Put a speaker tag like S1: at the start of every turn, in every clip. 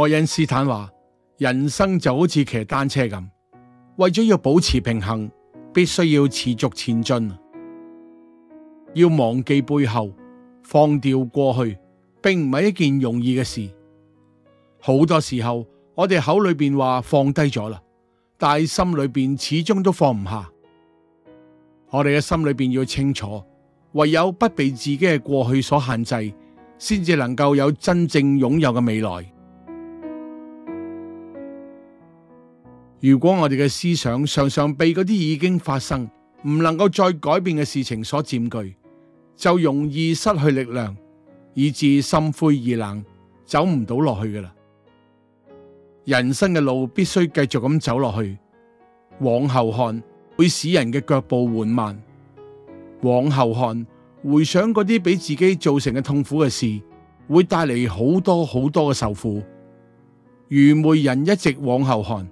S1: 愛因斯坦話：人生就好似騎單車咁，為咗要保持平衡，必須要持續前進。要忘記背後，放掉過去，並唔係一件容易嘅事。好多時候，我哋口裏邊話放低咗啦，但係心裏邊始終都放唔下。我哋嘅心裏邊要清楚，唯有不被自己嘅過去所限制，先至能夠有真正擁有嘅未來。如果我哋嘅思想常常被嗰啲已經發生，唔能夠再改變嘅事情所佔據，就容易失去力量，以致心灰意冷，走唔到落去嘅啦。人生嘅路必須繼續咁走落去，往後看會使人嘅腳步緩慢。往後看，回想嗰啲俾自己造成嘅痛苦嘅事，會帶嚟好多好多嘅受苦。愚昧人一直往後看。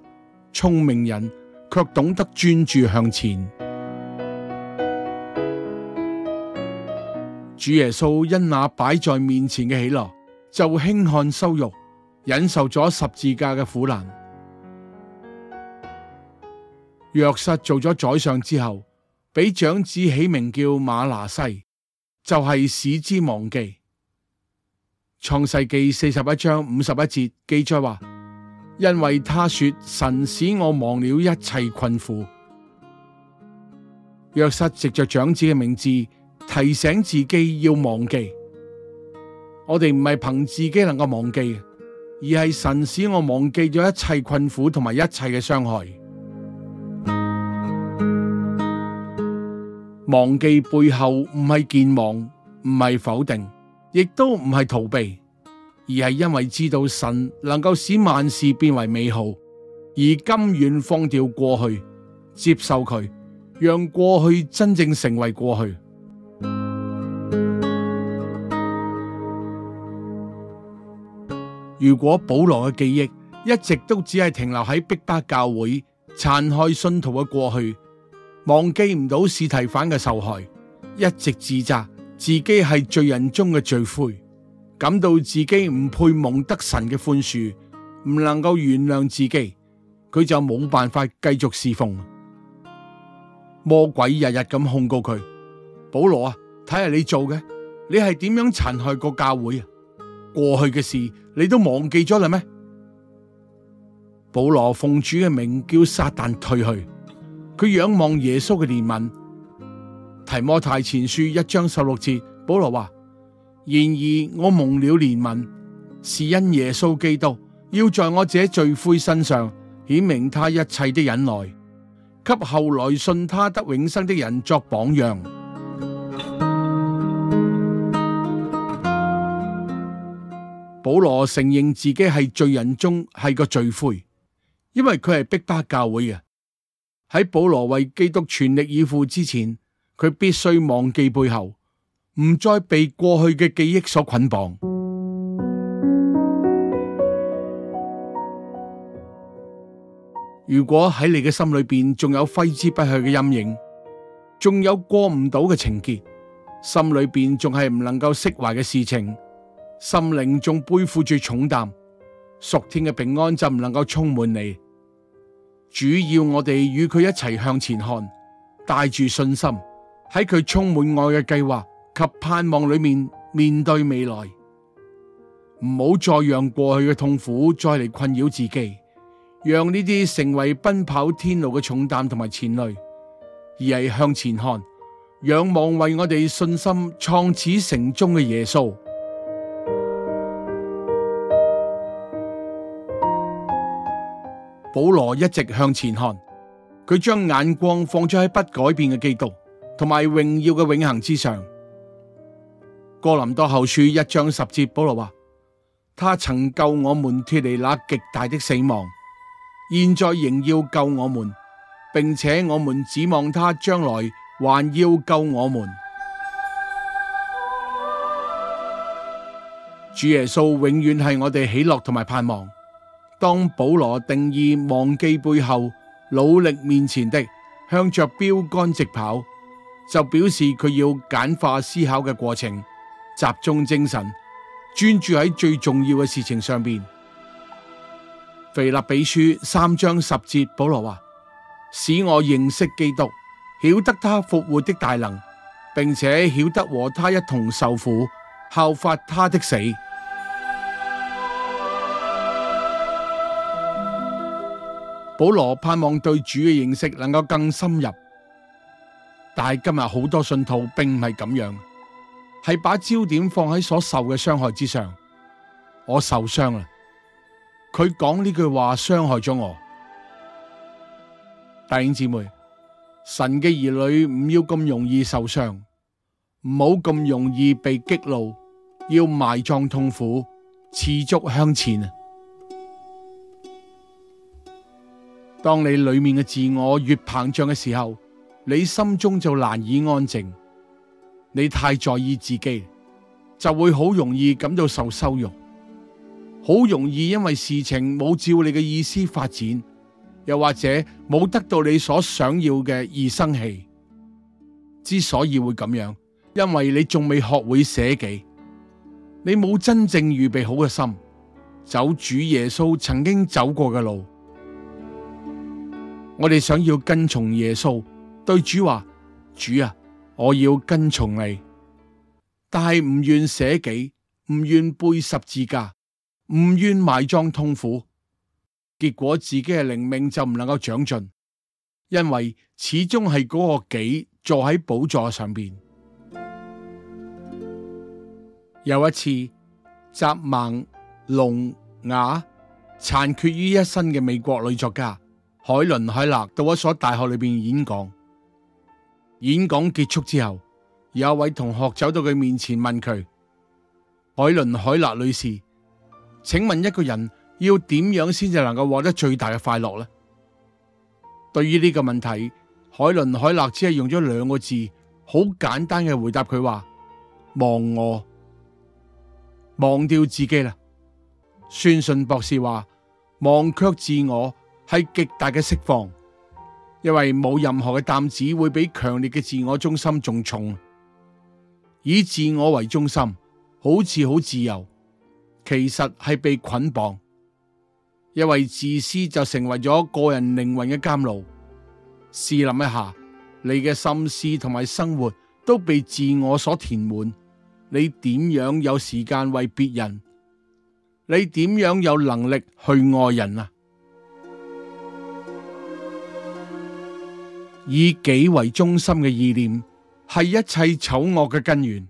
S1: 聰明人卻懂得專注向前。主耶穌因那擺在面前嘅喜樂，就輕看羞辱，忍受咗十字架嘅苦難。約瑟做咗宰相之後，俾長子起名叫馬拿西，就係使之忘記。創世記四十一章五十一節，記載話。因為他說神使我忘了一切困苦。約瑟藉着長子嘅名字提醒自己要忘記。我哋唔係憑自己能夠忘記，而係神使我忘記咗一切困苦同埋一切嘅傷害。忘記背後唔係健忘，唔係否定，亦都唔係逃避。而係因為知道神能夠使萬事變為美好，而甘願放掉過去，接受佢，讓過去真正成為過去。如果保羅嘅記憶一直都只係停留喺逼迫教會殘害信徒嘅過去，忘記唔到司提反嘅受害，一直自責自己係罪人中嘅罪魁，感到自己唔配蒙得神嘅寬恕，唔能夠原諒自己，佢就冇辦法繼續侍奉。魔鬼日日咁控告佢，保羅啊，睇下你做嘅，你係點樣殘害個教會啊？過去嘅事你都忘記咗啦咩？保羅奉主嘅名叫撒旦退去，佢仰望耶穌嘅憐憫。提摩太前書一章十六節，保羅話。然而我蒙了憐憫，是因耶穌基督要在我這罪魁身上顯明他一切的忍耐，給後來信他得永生的人作榜樣。保羅承認自己係罪人中係個罪魁，因為佢係逼迫教會嘅。喺保羅為基督全力以赴之前，佢必須忘記背後。唔再被過去嘅記憶所捆綁。如果喺你嘅心裏邊仲有揮之不去嘅陰影，仲有過唔到嘅情結，心裏邊仲係唔能夠釋懷嘅事情，心靈仲背負住重擔，屬天嘅平安就唔能夠充滿你。主要我哋與佢一齊向前看，帶住信心，喺佢充滿愛嘅計劃。及盼望裏面面對未來，唔好再讓過去嘅痛苦再嚟困擾自己，讓呢啲成為奔跑天路嘅重擔同埋纏累，而係向前看，仰望為我哋信心創始成終嘅耶穌。保羅一直向前看，佢將眼光放咗喺不改變嘅基督同埋榮耀嘅永恒之上。哥林多後書一章十節，保羅話：他曾救我們脱離那極大的死亡，現在仍要救我們，並且我們指望他將來還要救我們。主耶穌永遠係我哋喜樂同埋盼望。當保羅定義忘記背後、努力面前的，向着標杆直跑，就表示佢要簡化思考嘅過程。集中精神，專注喺最重要嘅事情上邊。腓立比書三章十節，保羅話：使我認識基督，曉得他復活的大能，並且曉得和他一同受苦，效法他的死。保羅盼望對主嘅認識能夠更深入，但係今日好多信徒並唔係咁樣。係把焦點放喺所受嘅傷害之上，我受傷啦，佢講呢句話傷害咗我，弟兄姊妹，神嘅兒女唔要咁容易受傷，唔好咁容易被激怒，要埋葬痛苦，持續向前啊！當你裏面嘅自我越膨脹嘅時候，你心中就難以安靜。你太在意自己，就會好容易感到受羞辱，好容易因為事情冇照你嘅意思發展，又或者冇得到你所想要嘅而生氣。之所以會咁樣，因為你仲未學會捨己，你冇真正預備好嘅心，走主耶穌曾經走過嘅路。我哋想要跟從耶穌，對主話：主啊！我要跟從你，但係唔願捨己，唔願背十字架，唔願埋葬痛苦，結果自己嘅靈命就唔能夠長進，因為始終係嗰個己坐喺寶座上邊。 有一次，集盲、聾啞、殘缺於一身嘅美國女作家海倫凱勒到一所大學裏邊演講。演講結束之後，有一位同學走到佢面前問佢：「海倫·海勒女士，請問一個人要點樣先至能夠獲得最大嘅快樂呢？」對於呢個問題，海倫·海勒只係用咗兩個字，好簡單嘅回答佢話：忘我，忘掉自己啦。宣信博士話：忘卻自我係極大嘅釋放。因為冇任何嘅擔子會比強烈嘅自我中心仲重，以自我為中心，好似好自由，其實係被捆綁。因為自私就成為咗個人靈魂嘅監牢。試諗一下，你嘅心思同埋生活都被自我所填滿，你點樣有時間為別人？你點樣有能力去愛人啊？以己為中心嘅意念，係一切醜惡嘅根源。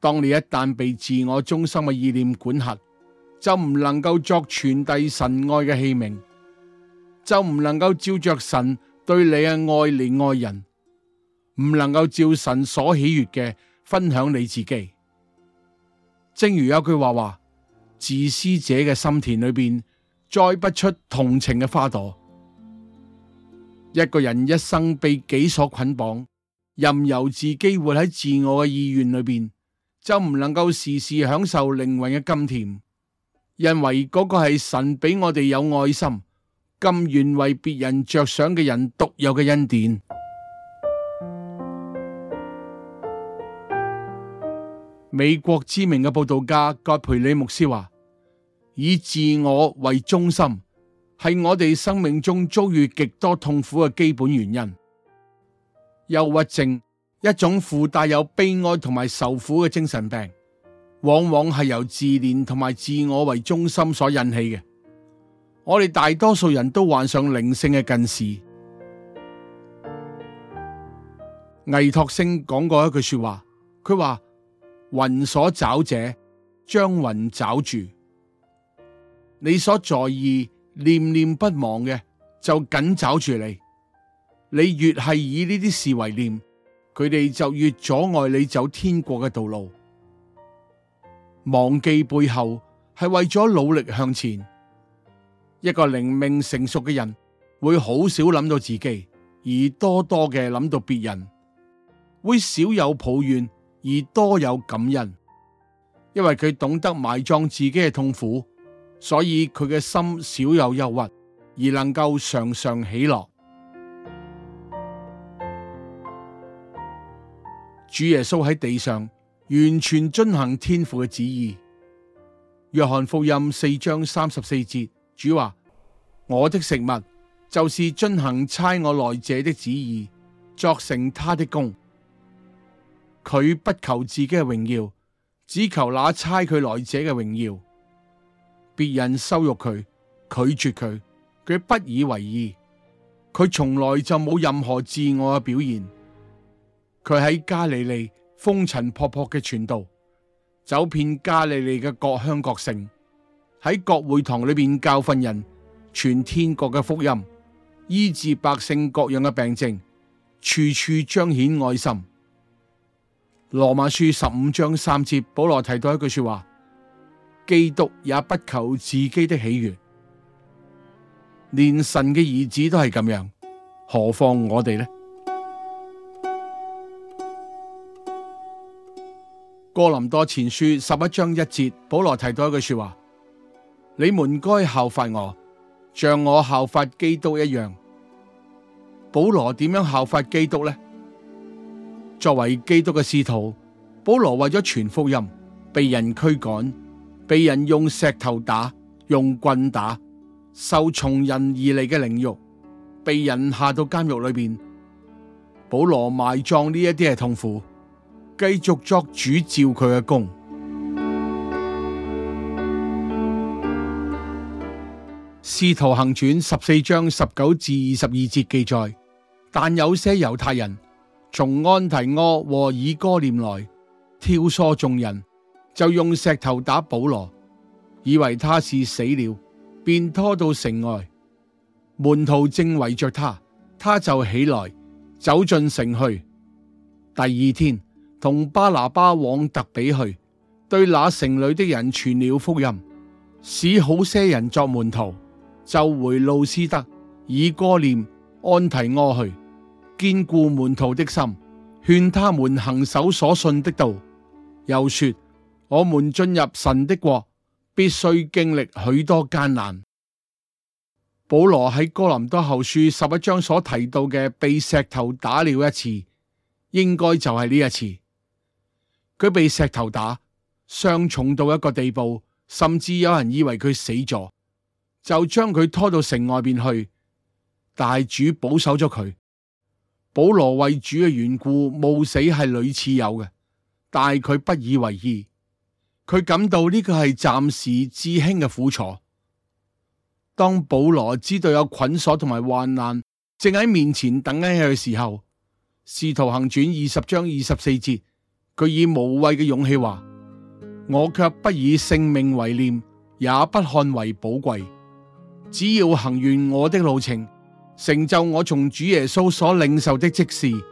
S1: 當你一旦被自我中心嘅意念管轄，就唔能夠作傳遞神愛嘅器皿，就唔能夠照着神對你嘅愛嚟愛人，唔能夠照神所喜悅嘅分享你自己。正如有句話話：自私者嘅心田裏邊，栽不出同情嘅花朵。一個人一生被己所捆綁，任由自己活喺自我嘅意願裏邊，就唔能夠時時享受靈魂嘅甘甜。因為嗰個係神俾我哋有愛心、甘願為別人着想嘅人獨有嘅恩典。美國知名嘅佈道家葛培理·牧師話：以自我為中心，係我哋生命中遭遇極多痛苦嘅基本原因。憂鬱症，一種附帶有悲哀同埋受苦嘅精神病，往往係由自戀同埋自我為中心所引起嘅。我哋大多數人都患上靈性嘅近視。倪柝聲講過一句說話，佢話：雲所找者，將雲找住；你所在意。念念不忘嘅就緊抓住你，你越係以呢啲事為念，佢哋就越阻礙你走天國嘅道路。忘記背後係為咗努力向前，一個靈命成熟嘅人會好少諗到自己，而多多嘅諗到別人，會少有抱怨，而多有感恩，因為佢懂得埋葬自己嘅痛苦。所以佢嘅心少有憂鬱，而能夠常常喜樂。主耶穌喺地上完全遵行天父嘅旨意。約翰福音四章三十四節，主話：我的食物就是遵行差我來者的旨意，作成他的功。佢不求自己嘅榮耀，只求那差佢來者嘅榮耀。別人羞辱佢，拒絕佢，佢不以為意。佢從來就冇任何自我嘅表現。佢喺加利利風塵僕僕嘅傳道，走遍加利利嘅各鄉各城，喺各會堂裏邊教訓人，傳天國嘅福音，醫治百姓各樣嘅病症，處處彰顯愛心。羅馬書十五章三節，保羅提到一句說話。基督也不求自己的喜悅，連神嘅兒子都係咁樣，何況我哋呢？哥林多前書十一章一節，保羅提到一句說話：你們該效法我，像我效法基督一樣。保羅點樣效法基督呢？作為基督嘅使徒，保羅為咗傳福音，被人驅趕。被人用石頭打，用棍打，受從人而嚟嘅凌辱，被人下到監獄裏邊，保羅埋葬呢一啲係痛苦，繼續作主召佢嘅工。使徒行傳十四章十九至二十二節記載，但有些猶太人從安提阿和以哥念來挑唆眾人。就用石頭打保羅，以為他是死了，便拖到城外。門徒正圍着他，他就起來，走進城去。第二天，同巴拿巴往特比去，對那城裏的人傳了福音，使好些人作門徒。就回路斯德、以哥念、安提阿去，堅固門徒的心，勸他們行守所信的道，又說。我們進入神的國，必須經歷許多艱難。保羅喺哥林多後書十一章所提到嘅，被石頭打了一次，應該就係呢一次。佢被石頭打，傷重到一個地步，甚至有人以為佢死咗，就將佢拖到城外邊去。但係主保守咗佢。保羅為主嘅緣故，冒死係屢次有嘅，但係佢不以為意。佢感到呢個係暫時至輕嘅苦楚。當保羅知道有捆鎖同埋患難正喺面前等緊佢嘅時候，使徒行傳二十章二十四節，佢以無畏嘅勇氣話：「我卻不以性命為念，也不看為寶貴，只要行完我的路程，成就我從主耶穌所領受的職事，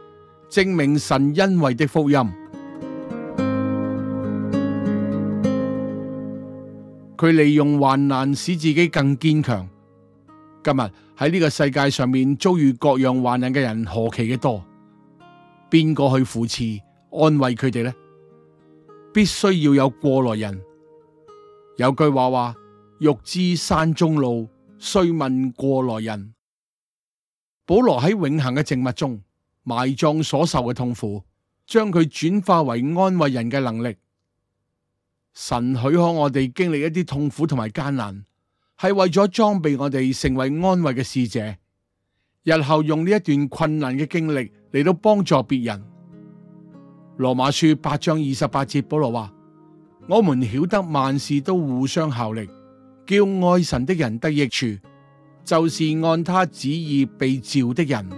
S1: 證明神恩惠的福音。佢利用患難使自己更堅強。今日喺呢個世界上面遭遇各樣患難嘅人何其嘅多，邊個去扶持安慰佢哋呢？必須要有過來人。有句話話：欲知山中路，須問過來人。保羅喺永恒嘅靜物中埋葬所受嘅痛苦，將佢轉化為安慰人嘅能力。神許可我哋經歷一啲痛苦同埋艱難，係為咗裝備我哋成為安慰嘅使者，日後用呢一段困難嘅經歷嚟到幫助別人。羅馬書八章二十八節，保羅話：我們曉得萬事都互相效力，叫愛神的人得益處，就是按他旨意被召的人。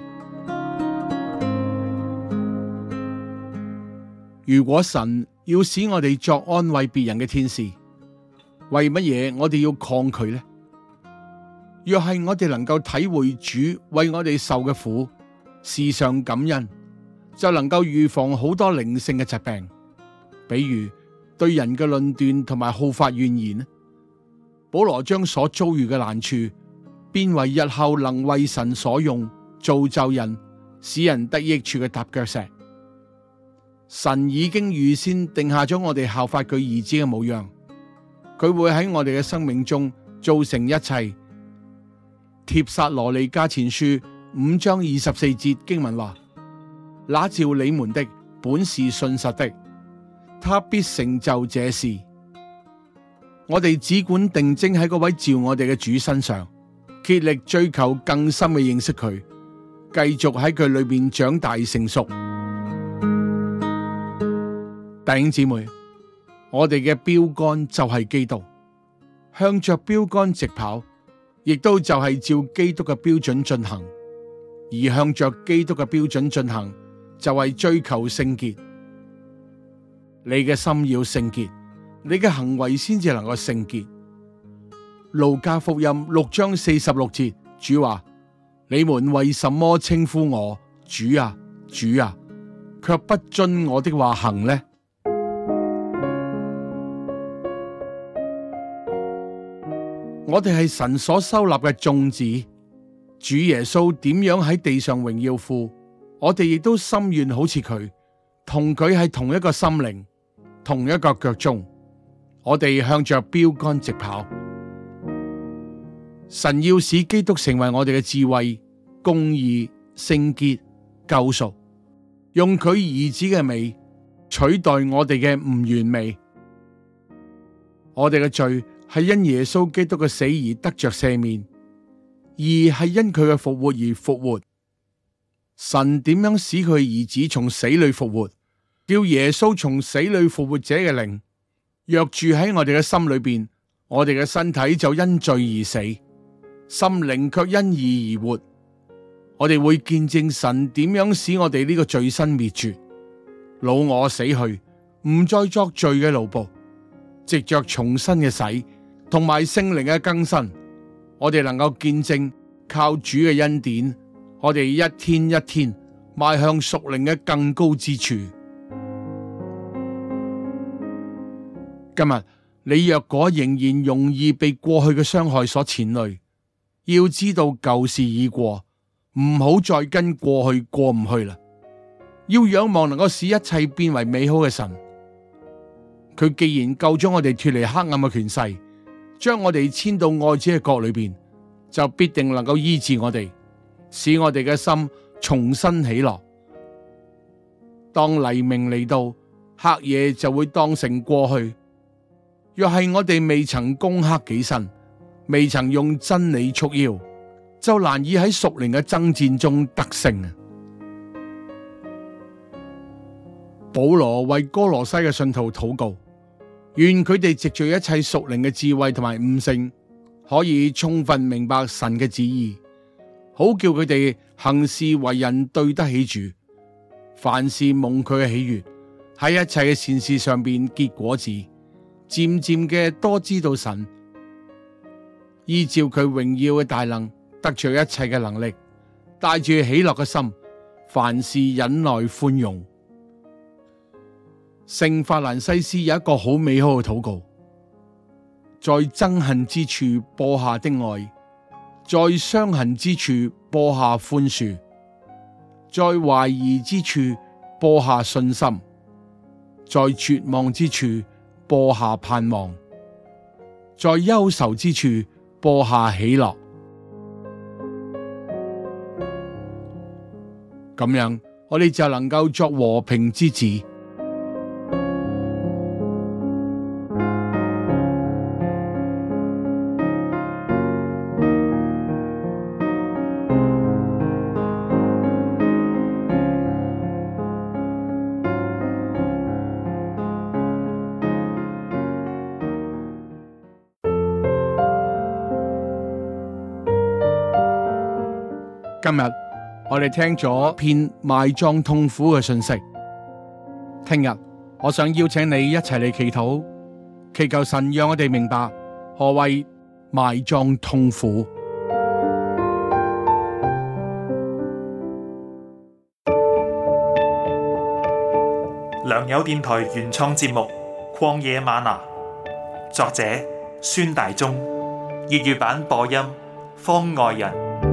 S1: 如果神，要使我哋作安慰別人嘅天使，為乜嘢我哋要抗拒呢？若係我哋能夠體會主為我哋受嘅苦，時常感恩，就能夠預防好多靈性嘅疾病，比如對人嘅論斷同埋好發怨言，保羅將所遭遇嘅難處，變為日後能為神所用，造就人，使人得益處嘅踏腳石。神已經預先定下咗我哋效法佢兒子嘅模樣，佢會喺我哋嘅生命中造成一切。帖撒羅尼迦前書五章二十四節經文話：那召你們的本是信實的，他必成就這事。我哋只管定睛喺嗰位召我哋嘅主身上，竭力追求更深嘅認識佢，繼續喺佢裏邊長大成熟。弟兄姐妹，我哋嘅標杆就係基督，向着標杆直跑，亦都就係照基督嘅標準進行。而向着基督嘅標準進行，就係追求聖潔。你嘅心要聖潔，你嘅行為先至能夠聖潔。路加福音六章四十六節，主話：你們為什麼稱呼我主啊、主啊，卻不遵我的話行呢？我哋係神所收納嘅眾子，主耶穌點樣喺地上榮耀父，我哋亦都心願好似佢，同佢係同一個心靈、同一個腳蹤。我哋向着標杆直跑。神要使基督成為我哋嘅智慧、公義、聖潔、救贖，用佢兒子嘅美取代我哋嘅唔完美，我哋嘅罪。係因耶穌基督嘅死而得着赦免，而係因佢嘅復活而復活。神點樣使佢兒子從死裏復活，叫耶穌從死裏復活者嘅靈，若住喺我哋嘅心裏邊，我哋嘅身體就因罪而死，心靈卻因義而活。我哋會見證神點樣使我哋呢個罪身滅絕，老我死去，唔再作罪嘅奴僕，藉着重生嘅洗。同埋聖靈嘅更新，我哋能夠見證靠主嘅恩典，我哋一天一天邁向屬靈嘅更高之處。今日你若果仍然容易被過去嘅傷害所纏累，要知道舊事已過，唔好再跟過去過唔去啦。要仰望能夠使一切變為美好嘅神，佢既然救咗我哋脫離黑暗嘅權勢，將我哋遷到愛子嘅國裏邊，就必定能夠醫治我哋，使我哋嘅心重新起落。當黎明嚟到，黑夜就會當成過去。若係我哋未曾攻克己身，未曾用真理束腰，就難以喺屬靈嘅爭戰中得勝啊！保羅為哥羅西嘅信徒禱告。願佢哋藉住一切屬靈嘅智慧同埋悟性，可以充分明白神嘅旨意，好叫佢哋行事為人對得起主。凡事蒙佢嘅喜悅，喺一切嘅善事上邊結果子，漸漸嘅多知道神，依照佢榮耀嘅大能，得著一切嘅能力，帶住喜樂嘅心，凡事忍耐寬容。聖法蘭西斯有一個好美好嘅禱告，在憎恨之處播下的愛，在傷痕之處播下寬恕，在懷疑之處播下信心，在絕望之處播下盼望，在憂愁之處播下喜樂。咁樣我哋就能夠作和平之子。今日我哋聽咗篇埋葬痛苦嘅信息，聽日我想邀請你一齊嚟祈禱，祈求神讓我哋明白何謂埋葬痛苦。良友電台原創節目《曠野嗎哪》，作者孫大中，粵語版播音方外人。